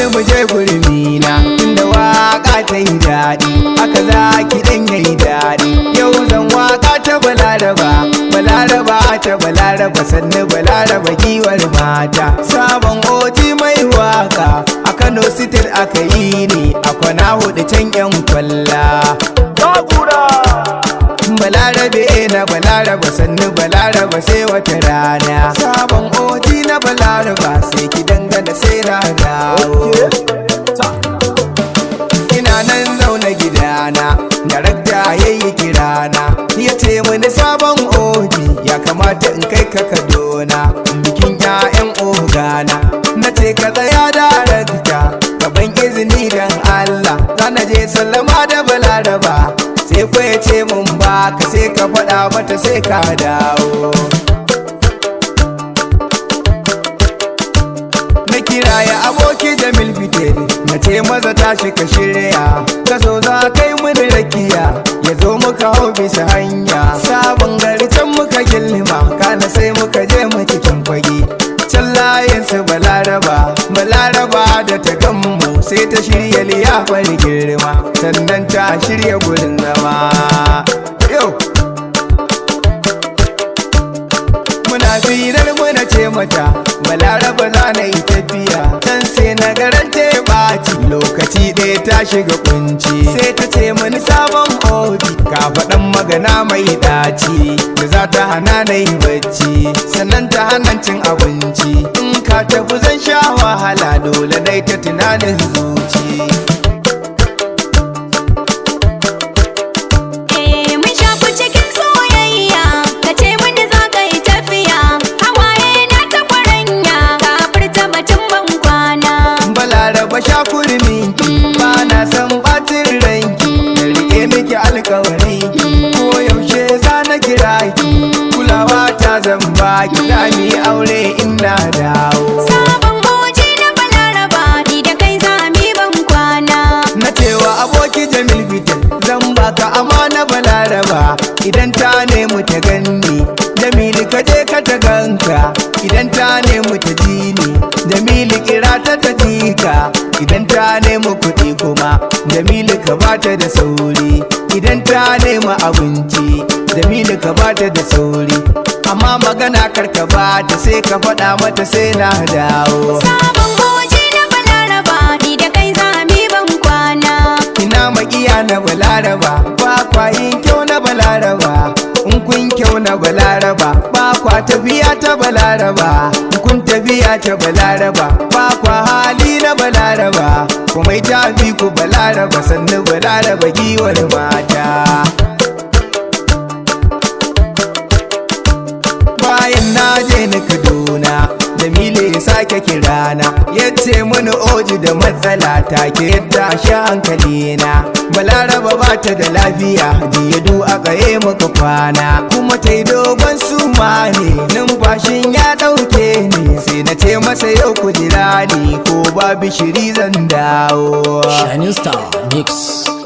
bani mu je gurbi na inda waka ta yi daɗi aka za ki ɗan ya yi daɗi yau zan waka ta balaraba balaraba ta balaraba sannu balaraba giwar mata sabon oti mai waka a kano sitir aka yi ne a kwana hudu can yan kwalla balarabe na balaraba sannu balaraba sai wata rana sabon oti na balaraba ya ce mani sabon oji ya kamata in kai ka kadona bikin 'ya'yan ogana na ce ka tsaya darakta gaban izini don allah zana je sallama da balaraba sai ku ya ce mun ba ka sai ka faɗa mata sai ka dawo na ya aboki jamil fite na ce maza tashi ka shirya ka so za kai mini rakiya ya zo muka hau bisa ta fari girma sannan ta shirya gudun zama yau muna firar muna ce mata balaraba za na yi tafiya can sai na garanta ya ɓaci lokaci ɗaya ta shiga kunci sai ta ce mani sabon odi ka faɗan magana mai ɗaci da za ta hana na yi bacci sannan ta hana cin abinci in ka tafi zan sha wahala dole dai ta tunanin zuci ki mi aure ina dawo sabon bauchi na balaraba ni da kai zami ban kwana na cewa aboki jamil bitan zan baka amana balaraba idan ta nemi ta ganni jamilu ka je ka ta ganka idan ta nemi ta ji ni jamilu kira ta ta ji ka idan ta nemi kuɗi kuma jamilu ka bata da sauri idan ta nemi abinci jamila ka bata da sauri amma magana kar ka bata sai ka faɗa mata sai na dawo sabon boji na balaraba ni da kai zami ban kwana ina makiya na balaraba ba kwa yin kyau na balaraba in kun kyau na balaraba ba kwa tafiya ta balaraba kun tafiya ta balaraba ba kwa hali na balaraba kuma ita fi ku balaraba sannu balaraba giwar mata bayan na je ni kaduna jamilu ya sake kirana ya ce mini oji da matsala take ke yadda sha hankali na balaraba ba ta da lafiya jiya du a yi maka kwana kuma ta yi dogon suma ne numfashin ya ɗauke ni sai na ce masa yau ku jira ni ko ba shiri zan dawo shining star mix